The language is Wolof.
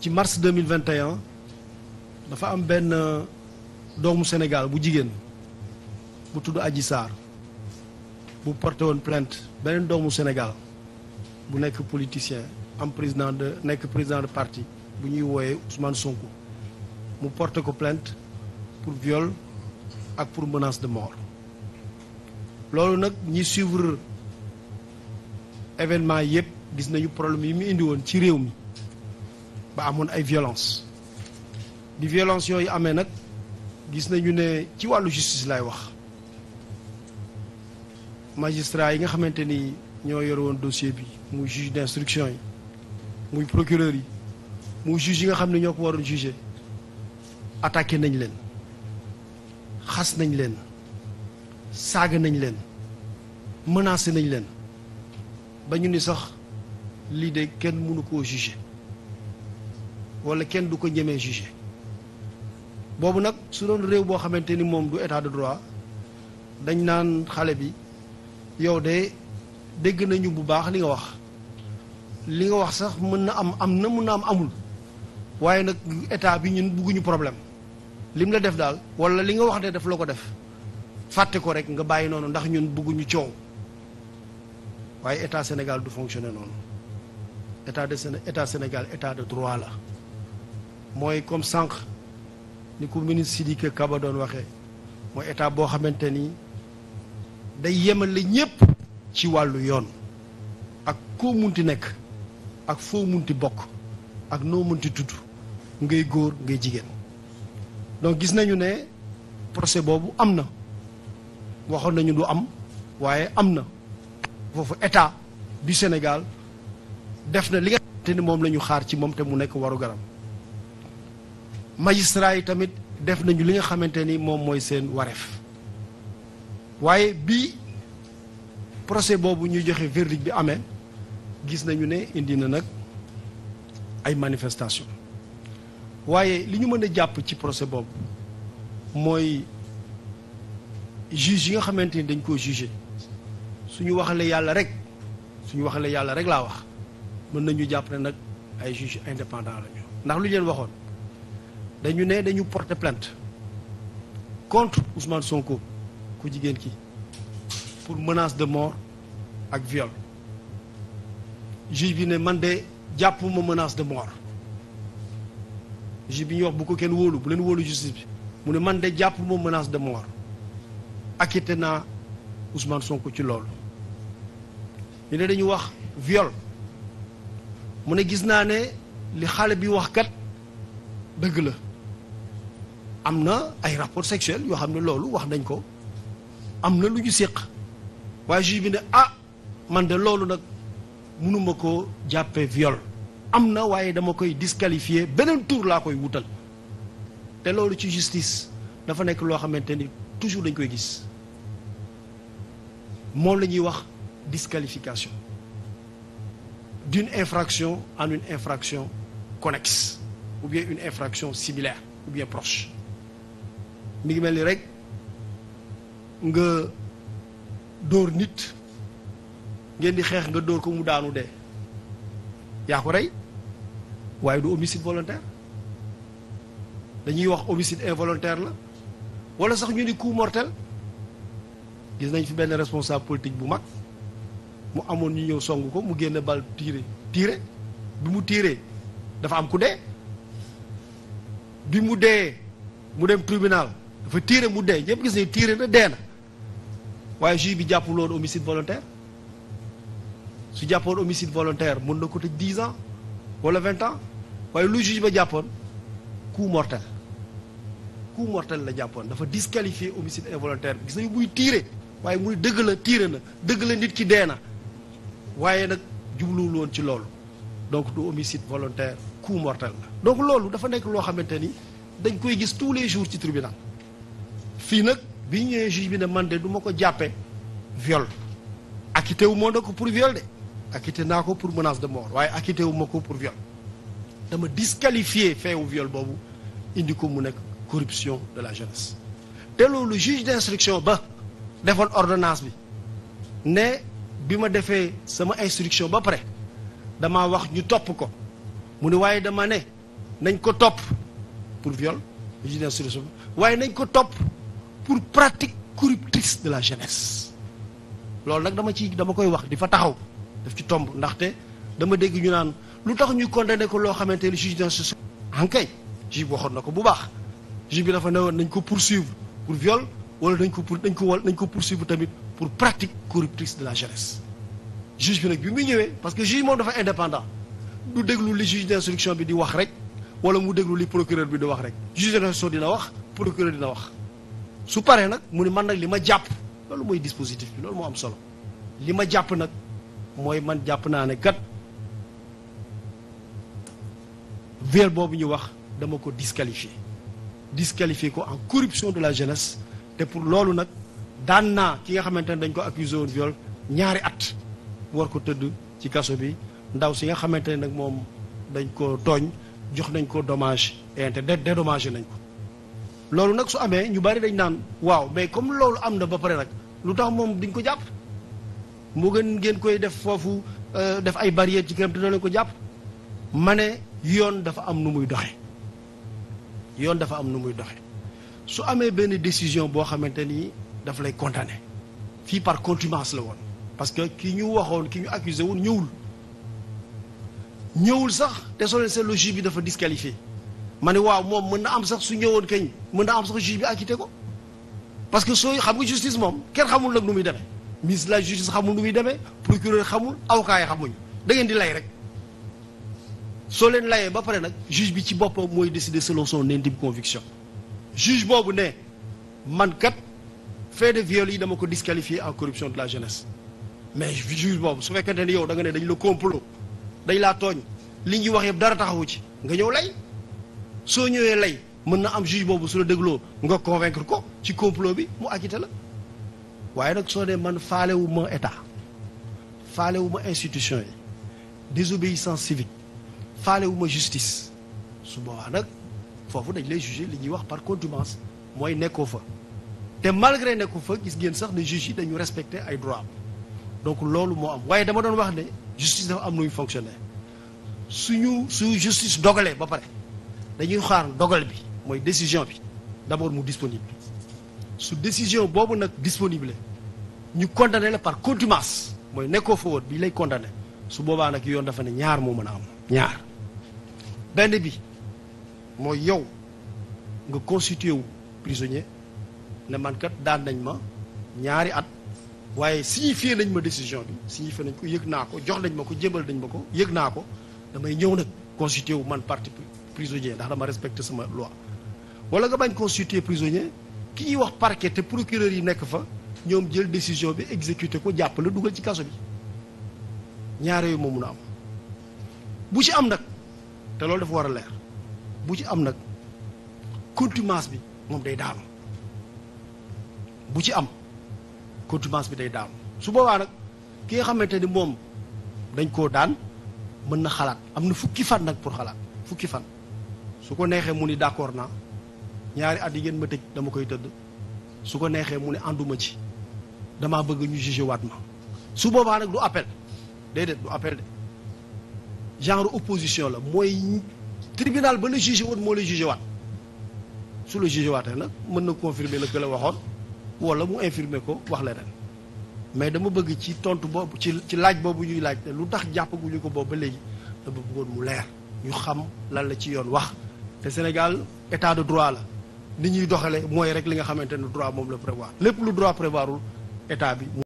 ci mars 2021 dafa am benn euh, doomu Sénégal bu jigéen bu tudd aji saar bu porté woon plainte beneen doomu Sénégal bu nekk politicien am président de nekk président de partie bu ñuy wooyee Ousmane Sonko mu porté ko plainte pour viol ak pour menace de mort loolu nag ñi suivre événement yëpp gis nañu problème yi mu indi woon ci réew mi ba amoon ay violence di violence yooyu amee nag gis nañu ne ci wàllu justice laay wax magistrat yi nga xamante ni ñoo yore woon dossier bi muy juge d'instruction yi muy procureur yi muy juge yi nga xam ne ñoo ko waroon juger attaqué nañ leen xas nañ leen saaga nañ leen menacé nañ leen ba ñu ni sax lii de kenn mënu koo juger wala kenn du ko ñemee jugé boobu nag su doon réew boo xamante ni moom du état de droit dañ naan xale bi yow de dégg nañu bu baax li nga wax li nga wax sax mën na am am na mën na am amul waaye nag état bi ñun bugguñu problème lim la def daal wala li nga wax de daf la ko def fàtte ko rek nga bàyyi noonu ndax ñun bugguñu coow waaye état Sénégal du fonctionner noonu état de état Sénégal état de droit la mooy comme sànq ni ko ministre Sidiki Kaba doon waxee mooy état boo xamante ni day yemale ñépp ci wàllu yoon ak koo munti nekk ak foo munti bokk ak noo munti tudd ngay góor ngay jigéen donc gis nañu ne procès boobu am na waxoon nañu du am waaye am na foofu état du Sénégal def na li nga moom la ñu xaar ci moom te mu nekk waru garam magistrat yi tamit def nañu li nga xamante ni moom mooy seen wareef waaye bi procès boobu ñuy joxe verdict bi amee gis nañu ne indi na nag ay manifestation waaye li ñu mën a jàpp ci procès boobu mooy juge yi nga xamante ni dañ koo jugé suñu waxale yàlla rek suñu waxale yàlla rek laa wax mën nañu jàpp ne nag ay juge indépendant la ndax lu leen waxoon dañu ne dañu porter plainte contre Ousmane Sonko ku jigéen ki pour menace de mort ak viol juge bi ne man de jàppuma menace de mort juge bi ñu wax bu ko kenn wóolu bu leen wóolu justice bi mu ne man de jàppuma menace de mort acquitté naa Ousmane Sonko ci loolu ñu ne dañu wax viol mu ne gis naa ne li xaale bi wax kat dëgg la am na ay rapport sexuel yoo xam ne loolu wax nañ ko am na lu ñu séq waaye juge bi ne ah man de loolu nag mënuma ko jàppe viol am na waaye dama koy disqualifier beneen tour laa koy wutal te loolu ci justice dafa nekk loo xamante ni toujours dañ koy gis moom la ñuy wax disqualification d'une infraction en une infraction connex ou bien une infraction similaire ou bien proche mi ngi mel ni rek nga dóor nit ngeen di xeex nga dóor ko mu daanu de yaa ko rey waaye du homicide volontaire dañuy wax homicide involontaire la wala sax ñu ni coup mortel gis nañ fi benn responsable politique bu mag mu amoon ñu ñëw song ko mu génn bal tiire tiire bi mu tiiree dafa am ku dee bi mu dee mu dem tribunal dafa tiire mu dee ñëpp gis ne tiire na dee na waaye juge bi jàppul woon homicide volontaire su jàppoon homicide volontaire mën na ko tëj dix ans wala vingt ans waaye lu juge ba jàppoon coup mortel coup mortel la jàppoon dafa disqualifier homicide involontaire gis nañu muy tiire waaye muy dëgg la tiire na dëgg la nit ki dee na waaye nag jubluwul woon ci loolu donc du homicide volontaire coup mortel la donc loolu dafa nekk loo xamante ni dañ koy gis tous les jours ci tribunal fii nag bi ñëwee juge bi ne man de duma ko jàppe viol acquitté wu moo na ko pour viol de acquitté naa ko pour menace de mort waaye acquitté wu ko pour viol dama disqualifié feewu viol boobu indi ko mu nekk corruption de la jeunesse te loolu juge d'instruction ba defoon ordonnance bi ne bi ma defee sama instruction ba pare dama wax ñu topp ko mu ne waaye dama ne nañ ko topp pour viol juge d'instruction waaye nañ ko topp pour pratique corruptrice de la jeunesse loolu nag dama ci dama koy wax di fa taxaw daf ci tomb ndaxte dama dégg ñu naan lu tax ñuy condamné ko loo xamante ni juge d'instruction ankay ah, juge bi waxoon na ko bu baax juge bi dafa ne nañ ko pour poursuivre pour viol wala nañ ko pour nañ ko wal nañ ko poursuivre tamit pour pratique corruptrice de la jeunesse juge bi nag bi muy ñëwee parce que juge moom dafa indépendant du déglu li juge d'instruction bi di wax rek wala mu déglu li procureur bi di wax rek juge d'instruction dina wax procureur dina wax su paree nag mu ni man nag li ma jàpp loolu mooy dispositif bi loolu moo am solo li ma jàpp nag mooy man jàpp naa ne kat viol boobu ñu wax dama ko disqualifié disqualifié ko en corruption de la jeunesse te pour loolu nag daan naa ki nga xamante ne dañ ko accusé woon viol ñaari at war ko tëdd ci kaso bi ndaw si nga xamante ne nag moom dañ ko tooñ jox nañ ko domage dommage et dédommagé nañ ko loolu nag su amee ñu bari dañ naan waaw mais comme loolu am na ba pare nag lu tax moom duñ ko jàpp mu gën ngeen koy def foofu euh, def ay barrière ci këram te doo leen ko jàpp ma ne yoon dafa am nu muy doxe yoon dafa am nu muy doxe su amee benn décision boo xamante ni daf lay condamné fii par contumace la woon parce que ki ñu waxoon ki ñu accusé woon ñëwul ñëwul sax te soo leen seen bi dafa disqualifié ma ne waaw moom mën na am sax su ñëwoon kañ mën na am sax juge bi acquitté ko parce que soo xam nga justice moom kenn xamul nag nu muy demee ministre de la justice xamul nu muy demee procureur xamul avocat yi xamuñu da ngeen di lay rek soo leen layee ba pare nag juge bi ci boppam mooy décider selon son intime conviction juge boobu ne man kat fait de viol yi dama ko disqualifié en corruption de la jeunesse mais juge boobu su fekkente ni yow da nga ne dañ la complot dañ laa tooñ li ñuy wax dara taxawu ci nga ñëw lay soo ñëwee lay mën na am juge boobu su la dégloo nga convaincre ko ci complot bi mu acquitté la waaye nag soo dee man faalewu ma état faalewu ma institution yi désobéissance civique faalewu ma justice su boobaa nag foofu dañ lay jugé li ñuy wax par contumace mooy nekkoo fa te malgré nekku fa gis ngeen sax ne juge yi dañu respecté ay droit donc loolu moo am waaye dama doon wax ne justice dafa am nu ñu fonctionné suñu su justice dogalee ba pare dañuy xaar dogal bi mooy décision bi d'abord mu disponible su décision boobu nag disponible ñu condamné la par contumace mooy nekkoo fa woon bi lay condamné su boobaa nag yoon dafa ne ñaar moo mën a am ñaar benn bi mooy yow nga constitué wu prisonnier ne man kat daan nañ ma ñaari at waaye si signifié nañ ma décision bi signifié nañ ko yëg naa ko jox nañ ma ko jëmbal nañ ma ko yëg naa ko damay ñëw nag constitué wu man parti prisonnier ndax dama respecté sama loi wala nga bañ constituer prisonnier ki ñuy wax parquet te procureur yi nekk fa ñoom jël décision bi exécuté ko jàppale dugal ci kaso bi ñaar yooyu mun a am bu ci am nag te loolu dafa war a leer bu ci am nag contimence bi moom day daanu bu ci am contimence bi day daanu su boobaa nag ki nga xamante ni moom dañ koo daan mën na xalaat am na fukki fan nag pour xalaat fukki fan su ko neexee mu ni d'accord naa ñaari at yi ngeen ma tëj dama koy tëdd su ko neexee mu ne ànduma ci damaa bëgg ñu jugé waat ma su boobaa nag du appel déedéet du de genre opposition la mooy tribunal ba la jugé woon moo la jugé waat su la jugé nag mën na confirmer la que waxoon wala mu infirmer ko wax leneen mais dama bëgg ci tontu boobu ci ci laaj boobu ñuy laaj te lu tax jàppaguñu ko boobu ba léegi dama bëggoon mu leer ñu xam lan la ci yoon wax te Sénégal état de droit la ni ñuy doxalee mooy rek li nga xamante ne droit moom la prévoir lépp lu droit prévoirul état bi